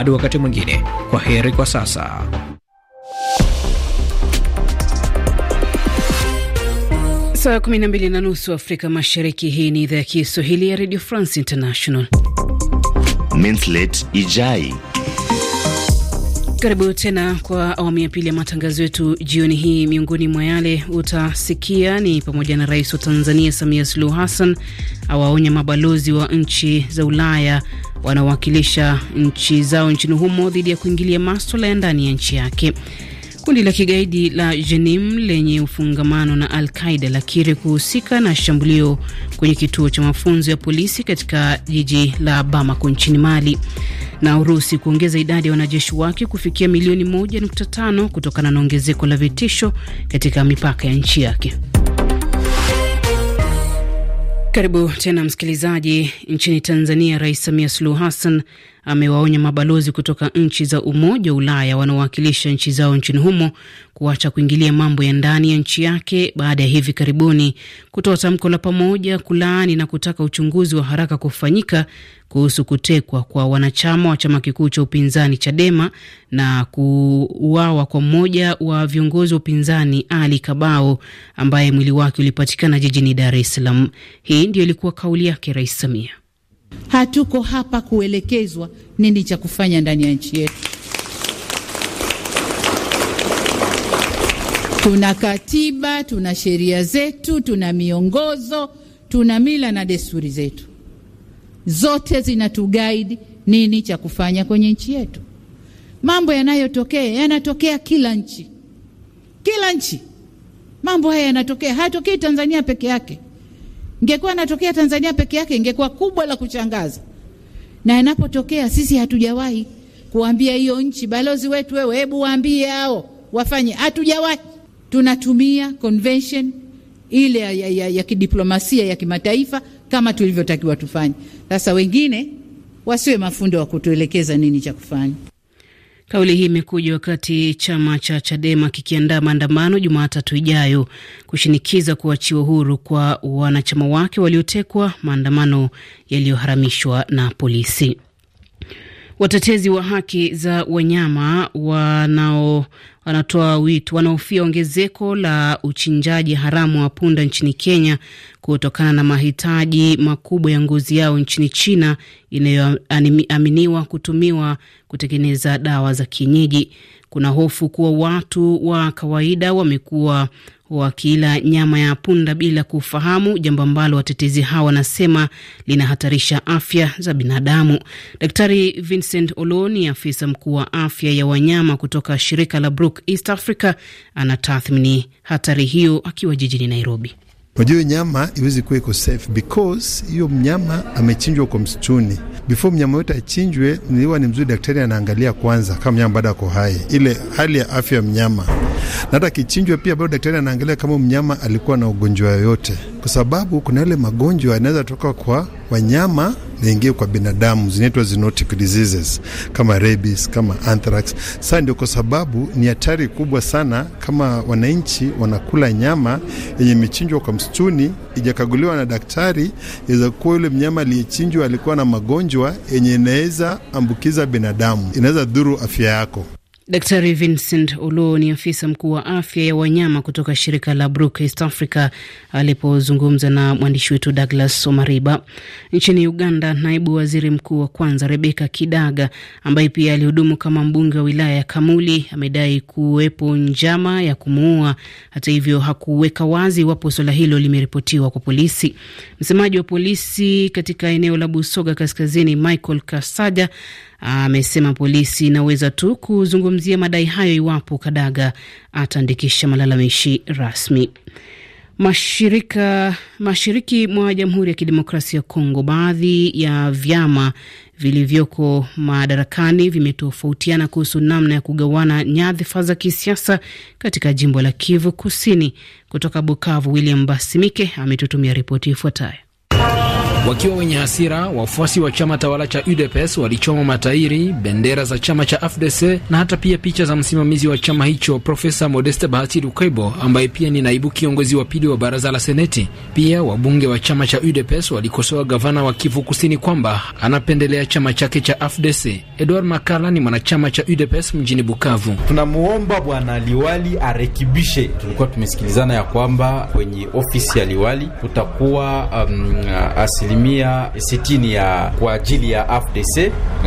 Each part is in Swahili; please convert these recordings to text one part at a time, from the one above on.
Hadi wakati mwingine, kwa heri kwa sasa. Saa kumi na mbili na nusu Afrika Mashariki. Hii ni idhaa ya Kiswahili ya Radio France International. Mintlet Ijai karibu tena kwa awamu ya pili ya matangazo yetu jioni hii. Miongoni mwa yale utasikia ni pamoja na rais wa Tanzania Samia Suluhu Hassan awaonya mabalozi wa nchi za Ulaya wanaowakilisha nchi zao nchini humo dhidi ya kuingilia maswala ya ndani ya nchi yake. Kundi la kigaidi la Jenim lenye ufungamano na Al Qaida lakiri kuhusika na shambulio kwenye kituo cha mafunzo ya polisi katika jiji la Bamako nchini Mali, na Urusi kuongeza idadi ya wanajeshi wake kufikia milioni 1.5 kutokana na ongezeko la vitisho katika mipaka ya nchi yake. Karibu tena msikilizaji. Nchini Tanzania, Rais Samia Suluhu Hassan amewaonya mabalozi kutoka nchi za Umoja wa Ulaya wanaowakilisha nchi zao nchini humo kuacha kuingilia mambo ya ndani ya nchi yake baada ya hivi karibuni kutoa tamko la pamoja kulaani na kutaka uchunguzi wa haraka kufanyika kuhusu kutekwa kwa wanachama wa chama kikuu cha upinzani Chadema na kuuawa kwa mmoja wa viongozi wa upinzani Ali Kabao ambaye mwili wake ulipatikana jijini Dar es Salaam. Hii ndiyo ilikuwa kauli yake Rais Samia. Hatuko hapa kuelekezwa nini cha kufanya ndani ya nchi yetu. Tuna katiba, tuna sheria zetu, tuna miongozo, tuna mila na desturi zetu, zote zinatuguide nini cha kufanya kwenye nchi yetu. Mambo yanayotokea yanatokea kila nchi, kila nchi. Mambo haya yanatokea, hayatokei Tanzania peke yake. Ingekuwa inatokea Tanzania peke yake ingekuwa kubwa la kuchangaza, na inapotokea sisi hatujawahi kuambia hiyo nchi, balozi wetu, wewe hebu waambie hao wafanye. Hatujawahi, tunatumia convention ile ya, ya, ya, ya kidiplomasia ya kimataifa kama tulivyotakiwa tufanye. Sasa wengine wasiwe mafundo wa kutuelekeza nini cha kufanya. Kauli hii imekuja wakati chama cha Chadema kikiandaa maandamano Jumatatu ijayo kushinikiza kuachiwa huru kwa wanachama wake waliotekwa, maandamano yaliyoharamishwa na polisi. Watetezi wa haki za wanyama wanao wanatoa wito, wanahofia ongezeko la uchinjaji haramu wa punda nchini Kenya kutokana na mahitaji makubwa ya ngozi yao nchini China inayoaminiwa kutumiwa kutengeneza dawa za kienyeji. Kuna hofu kuwa watu wa kawaida wamekuwa wakila nyama ya punda bila kufahamu, jambo ambalo watetezi hawa wanasema linahatarisha afya za binadamu. Daktari Vincent Oloni, afisa mkuu wa afya ya wanyama kutoka shirika la Brook East Africa, anatathmini hatari hiyo akiwa jijini Nairobi. Unajua, hiyo nyama iwezi kuwa iko safe because hiyo mnyama amechinjwa kwa msituni. Before mnyama yote achinjwe, niwa ni mzuri daktari anaangalia kwanza kama mnyama bado ako hai, ile hali ya afya ya mnyama na hata kichinjwa pia bado daktari anaangalia kama mnyama alikuwa na ugonjwa yoyote, kwa sababu kuna yale magonjwa yanaweza toka kwa wanyama naingie kwa binadamu, zinaitwa zoonotic diseases kama rabies, kama anthrax. Sasa ndio kwa sababu ni hatari kubwa sana, kama wananchi wanakula nyama yenye imechinjwa kwa msituni, ijakaguliwa na daktari, inaweza kuwa yule mnyama aliyechinjwa alikuwa na magonjwa yenye inaweza ambukiza binadamu, inaweza dhuru afya yako. Daktari Vincent Olo ni afisa mkuu wa afya ya wanyama kutoka shirika la Brook East Africa alipozungumza na mwandishi wetu Douglas Omariba. Nchini Uganda, naibu waziri mkuu wa kwanza Rebeka Kidaga ambaye pia alihudumu kama mbunge wa wilaya ya Kamuli amedai kuwepo njama ya kumuua. Hata hivyo, hakuweka wazi iwapo suala hilo limeripotiwa kwa polisi. Msemaji wa polisi katika eneo la Busoga Kaskazini, Michael Kasaja amesema polisi inaweza tu kuzungumzia madai hayo iwapo Kadaga ataandikisha malalamishi rasmi. Mashirika, mashiriki mwa Jamhuri ya Kidemokrasia ya Kongo, baadhi ya vyama vilivyoko madarakani vimetofautiana kuhusu namna ya kugawana nyadhifa za kisiasa katika jimbo la Kivu Kusini. Kutoka Bukavu, William Basimike ametutumia ripoti ifuatayo. Wakiwa wenye hasira, wafuasi wa chama tawala cha UDPS walichoma matairi, bendera za chama cha AFDC na hata pia picha za msimamizi wa chama hicho Profesa Modeste Bahati Lukaibo, ambaye pia ni naibu kiongozi wa pili wa baraza la Seneti. Pia wabunge wa chama cha UDPS walikosoa gavana wa Kivu Kusini kwamba anapendelea chama chake cha AFDC. Edward Makala ni mwanachama cha UDPS mjini Bukavu. Tunamuomba bwana liwali arekibishe. Tulikuwa tumesikilizana ya kwamba kwenye ofisi ya liwali kutakuwa um, uh, asilimia 60 ya kwa ajili ya FDC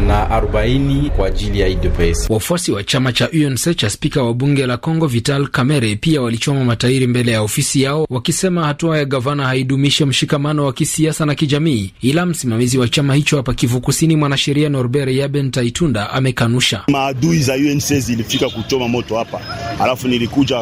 na 40 kwa ajili ya UDPS. Wafuasi wa chama cha UNC cha spika wa bunge la Kongo Vital Kamerhe pia walichoma matairi mbele ya ofisi yao wakisema hatua ya gavana haidumishi mshikamano wa kisiasa na kijamii. Ila msimamizi wa chama hicho hapa Kivu Kusini, mwanasheria Norbert Yaben Taitunda amekanusha. Maadui za UNC zilifika kuchoma moto hapa, alafu nilikuja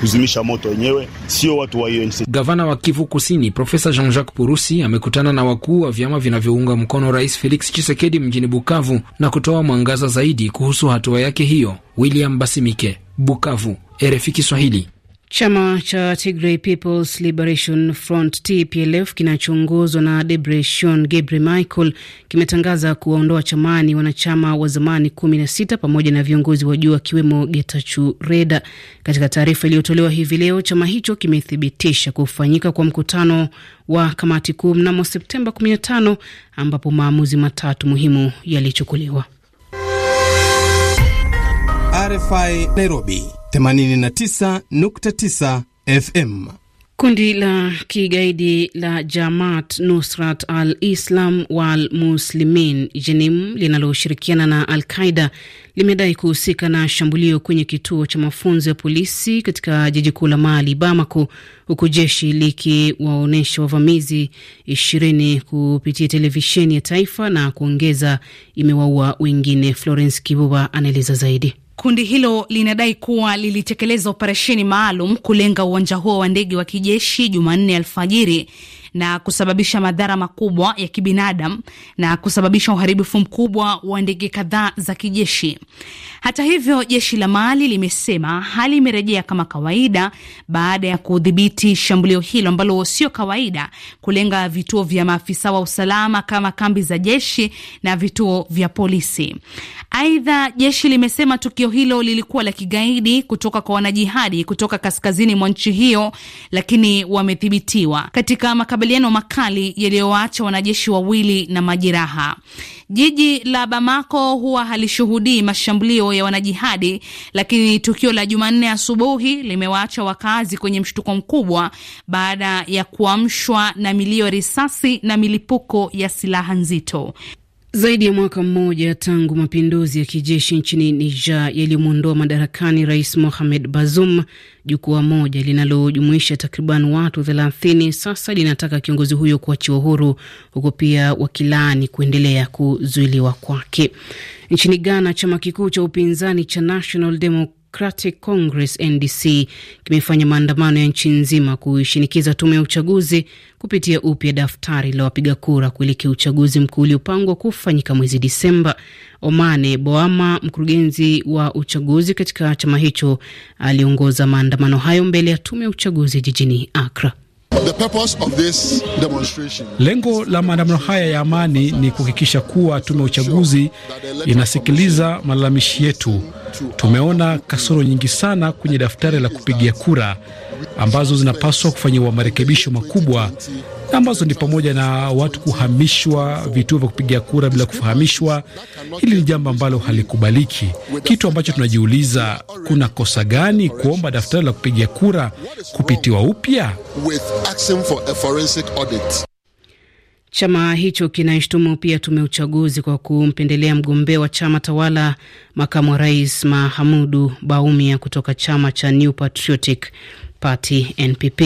kuzimisha moto wenyewe, sio watu wa UNC. Gavana wa Kivu Kusini Profesa Jean-Jacques Purusi amekutana na na wakuu wa vyama vinavyounga mkono Rais Felix Chisekedi mjini Bukavu na kutoa mwangaza zaidi kuhusu hatua yake hiyo. William Basimike, Bukavu, RFI Kiswahili. Chama cha Tigray People's Liberation Front TPLF kinachoongozwa na Debretsion Gebre Michael kimetangaza kuwaondoa chamani wanachama wa zamani 16 pamoja na viongozi wa juu akiwemo Getachu Reda. Katika taarifa iliyotolewa hivi leo, chama hicho kimethibitisha kufanyika kwa mkutano wa kamati kuu mnamo Septemba 15 ambapo maamuzi matatu muhimu yalichukuliwa. RFI Nairobi 89.9 FM. Kundi la kigaidi la Jamaat Nusrat al Islam wal Muslimin Jenim linaloshirikiana na Al Qaida limedai kuhusika na shambulio kwenye kituo cha mafunzo ya polisi katika jiji kuu la Mali, Bamako, huku jeshi likiwaonyesha wavamizi ishirini kupitia televisheni ya taifa na kuongeza imewaua wengine. Florence Kibuba anaeleza zaidi. Kundi hilo linadai kuwa lilitekeleza operesheni maalum kulenga uwanja huo wa ndege wa kijeshi Jumanne alfajiri na kusababisha madhara makubwa ya kibinadamu na kusababisha uharibifu mkubwa wa ndege kadhaa za kijeshi. Hata hivyo, jeshi la Mali limesema hali imerejea kama kawaida baada ya kudhibiti shambulio hilo ambalo sio kawaida, kulenga vituo vya maafisa wa usalama kama kambi za jeshi na vituo vya polisi. Aidha, jeshi limesema tukio hilo lilikuwa la kigaidi kutoka kwa wanajihadi kutoka kaskazini mwa nchi hiyo, lakini wamethibitiwa katika makab makabiliano makali yaliyowaacha wanajeshi wawili na majeraha. Jiji la Bamako huwa halishuhudii mashambulio ya wanajihadi, lakini tukio la Jumanne asubuhi limewaacha wakazi kwenye mshtuko mkubwa baada ya kuamshwa na milio ya risasi na milipuko ya silaha nzito. Zaidi ya mwaka mmoja tangu mapinduzi ya kijeshi nchini Niger yaliyomwondoa madarakani rais Mohamed Bazoum, jukwaa moja linalojumuisha takriban watu thelathini sasa linataka kiongozi huyo kuachiwa huru, huku pia wakilaani kuendelea kuzuiliwa kwake. Nchini Ghana, chama kikuu cha upinzani cha National Democratic Democratic Congress NDC kimefanya maandamano ya nchi nzima kuishinikiza tume ya uchaguzi kupitia upya daftari la wapiga kura kuelekea uchaguzi mkuu uliopangwa kufanyika mwezi Disemba. Omane Boama, mkurugenzi wa uchaguzi katika chama hicho, aliongoza maandamano hayo mbele ya tume ya uchaguzi jijini Accra. The purpose of this demonstration. Lengo la maandamano haya ya amani ni kuhakikisha kuwa tume ya uchaguzi inasikiliza malalamishi yetu. Tumeona kasoro nyingi sana kwenye daftari la kupigia kura ambazo zinapaswa kufanyiwa marekebisho makubwa ambazo ni pamoja na watu kuhamishwa vituo vya kupiga kura bila kufahamishwa. Hili ni jambo ambalo halikubaliki. Kitu ambacho tunajiuliza, kuna kosa gani kuomba daftari la kupiga kura kupitiwa upya? Chama hicho kinaishtumu pia tume ya uchaguzi kwa kumpendelea mgombea wa chama tawala, makamu wa rais Mahamudu Baumia kutoka chama cha New Patriotic Party NPP.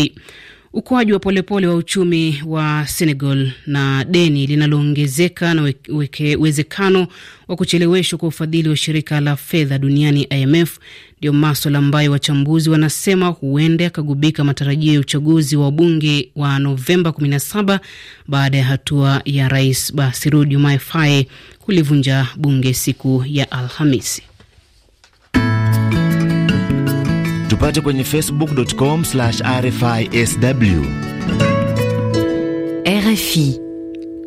Ukuaji wa polepole wa uchumi wa Senegal na deni linaloongezeka na uwezekano wa kucheleweshwa kwa ufadhili wa shirika la fedha duniani IMF ndio maswala ambayo wachambuzi wanasema huenda yakagubika matarajio ya uchaguzi wa bunge wa Novemba 17 baada ya hatua ya Rais Bassirou Diomaye Faye kulivunja bunge siku ya Alhamisi. Tupate kwenye facebook.com rfisw. RFI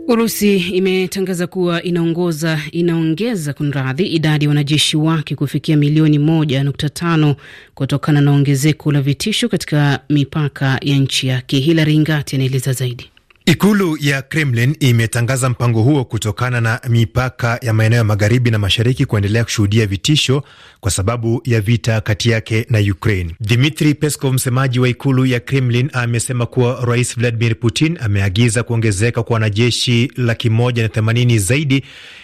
Urusi imetangaza kuwa inaongoza inaongeza kunradhi, idadi ya wanajeshi wake kufikia milioni moja nukta tano kutokana na ongezeko la vitisho katika mipaka ya nchi yake. Hilari Ngati anaeleza zaidi. Ikulu ya Kremlin imetangaza mpango huo kutokana na mipaka ya maeneo ya magharibi na mashariki kuendelea kushuhudia vitisho kwa sababu ya vita kati yake na Ukraine. Dmitri Peskov, msemaji wa ikulu ya Kremlin, amesema kuwa Rais Vladimir Putin ameagiza kuongezeka kwa wanajeshi laki moja na themanini zaidi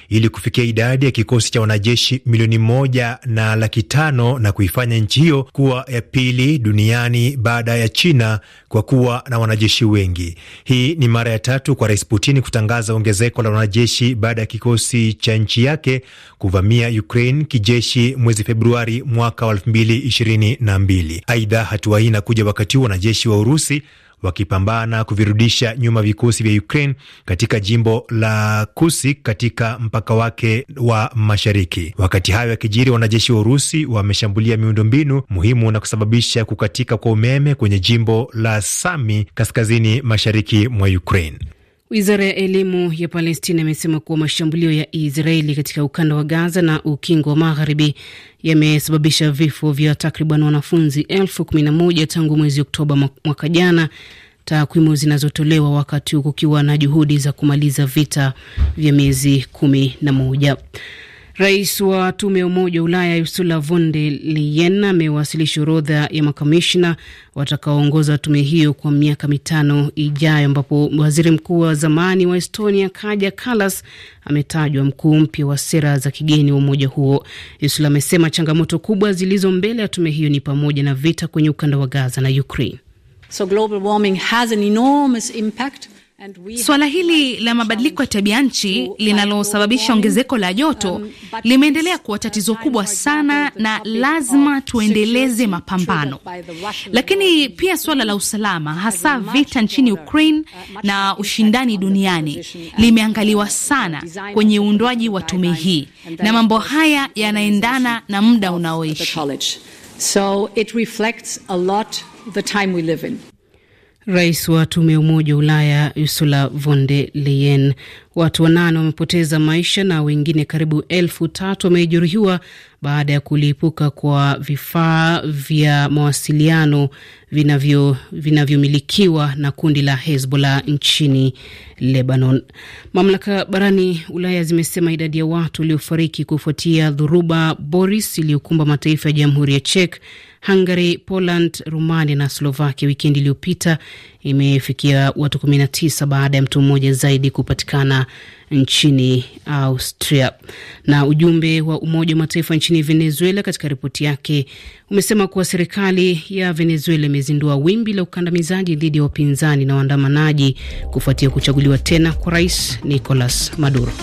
ili kufikia idadi ya kikosi cha wanajeshi milioni moja na laki tano na kuifanya nchi hiyo kuwa ya pili duniani baada ya China kwa kuwa na wanajeshi wengi. Hii ni mara ya tatu kwa Rais Putin kutangaza ongezeko la wanajeshi baada ya kikosi cha nchi yake kuvamia Ukraine kijeshi mwezi Februari mwaka wa 2022. Aidha, hatua hii inakuja wakati huu wanajeshi wa Urusi wakipambana kuvirudisha nyuma vikosi vya Ukraine katika jimbo la kusi katika mpaka wake wa mashariki. Wakati hayo yakijiri, wanajeshi wa Urusi wameshambulia miundombinu muhimu na kusababisha kukatika kwa umeme kwenye jimbo la Sami kaskazini mashariki mwa Ukraine. Wizara ya elimu ya Palestina imesema kuwa mashambulio ya Israeli katika ukanda wa Gaza na ukingo wa magharibi yamesababisha vifo vya takriban wanafunzi elfu kumi na moja tangu mwezi Oktoba mwaka jana, takwimu zinazotolewa wakati huu kukiwa na juhudi za kumaliza vita vya miezi kumi na moja. Rais wa tume ya Umoja wa Ulaya Ursula von der Leyen amewasilisha orodha ya makamishna watakaoongoza tume hiyo kwa miaka mitano ijayo, ambapo waziri mkuu wa zamani wa Estonia Kaja Kallas ametajwa mkuu mpya wa sera za kigeni wa umoja huo. Ursula amesema changamoto kubwa zilizo mbele ya tume hiyo ni pamoja na vita kwenye ukanda wa Gaza na Ukraine. So global warming has an enormous impact Suala hili la mabadiliko ya tabia nchi linalosababisha ongezeko la joto um, limeendelea kuwa tatizo kubwa sana, na lazima tuendeleze mapambano. Lakini pia suala la usalama, hasa vita nchini Ukraine uh, na ushindani duniani, limeangaliwa sana kwenye uundwaji wa tume hii, na mambo haya yanaendana na muda unaoishi. Rais wa tume ya Umoja wa Ulaya Ursula von der Leyen. Watu wanane wamepoteza maisha na wengine karibu elfu tatu wamejeruhiwa baada ya kulipuka kwa vifaa vya mawasiliano vinavyomilikiwa vinavyo na kundi la Hezbollah nchini Lebanon. Mamlaka barani Ulaya zimesema idadi ya watu waliofariki kufuatia dhuruba Boris iliyokumba mataifa ya Jamhuri ya Czech Hungary, Poland, Rumania na Slovakia wikendi iliyopita imefikia watu 19 baada ya mtu mmoja zaidi kupatikana nchini Austria. Na ujumbe wa Umoja wa Mataifa nchini Venezuela katika ripoti yake umesema kuwa serikali ya Venezuela imezindua wimbi la ukandamizaji dhidi ya wapinzani na waandamanaji kufuatia kuchaguliwa tena kwa Rais Nicolas Maduro.